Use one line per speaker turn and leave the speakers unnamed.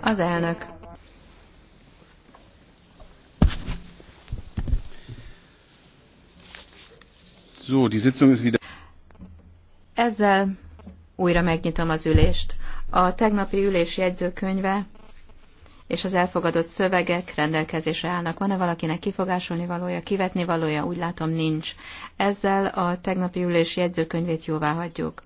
Az elnök.
So, die Sitzung ist wieder.
Ezzel újra megnyitom az ülést. A tegnapi ülés jegyzőkönyve és az elfogadott szövegek rendelkezésre állnak. Van-e valakinek kifogásolni valója, kivetni valója? Úgy látom nincs. Ezzel a tegnapi ülés jegyzőkönyvét jóvá hagyjuk.